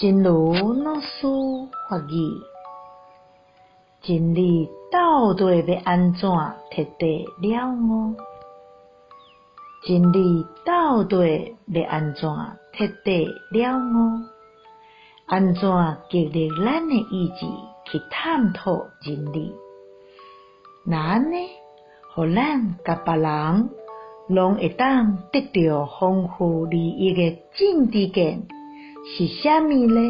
真如老師法語，真理到底要安怎徹底了哦？真理到底要安怎徹底了哦？安怎激勵咱的意志去探討真理？若呢？互咱甲別人，攏會當得到豐富利益的正知見。是蝦米呢？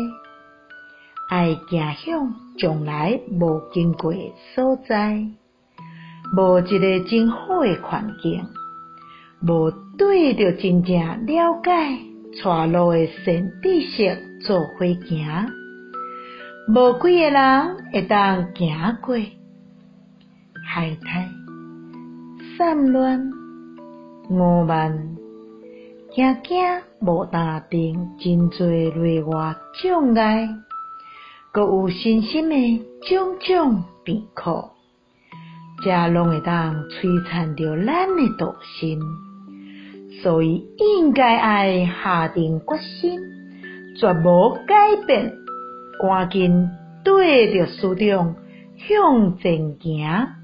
愛行向從來無經過的所在，無一個真好的環境，無對着真正了解岔路的善知識做伙行，無幾個人會當行過，懈怠、散亂，我慢。驚驚無打定，真儕內外障礙，擱有身心的種種病苦，皆攏會當摧殘着咱的道心。所以應該愛下定決心，絕無改變，趕緊對着師長向前行。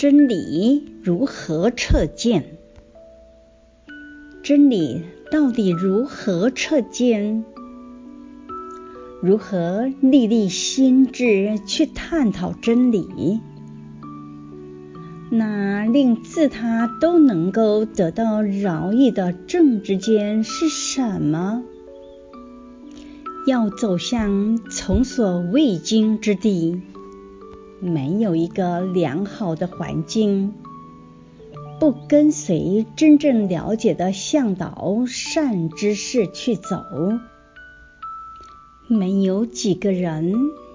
真理如何澈見？真理到底如何澈見？如何勵力心志去探討真理？那令自他都能夠得到饒益的正知見是什麼？要走向從所未經之地。沒有一個良好的環境，不跟隨真正了解的嚮導善知識去走，沒有幾個人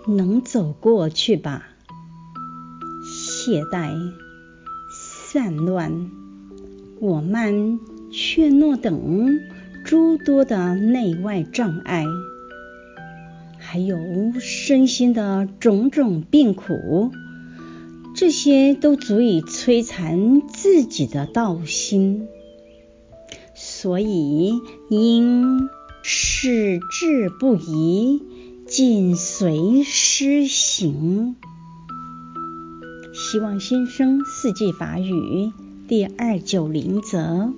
能走過去吧？懈怠、散亂、我慢、怯懦等諸多的內外障礙。還有身心的種種病苦，這些都足以摧殘自己的道心，所以應矢志不移，緊隨師行。希望新生《四季法語》第二九零則。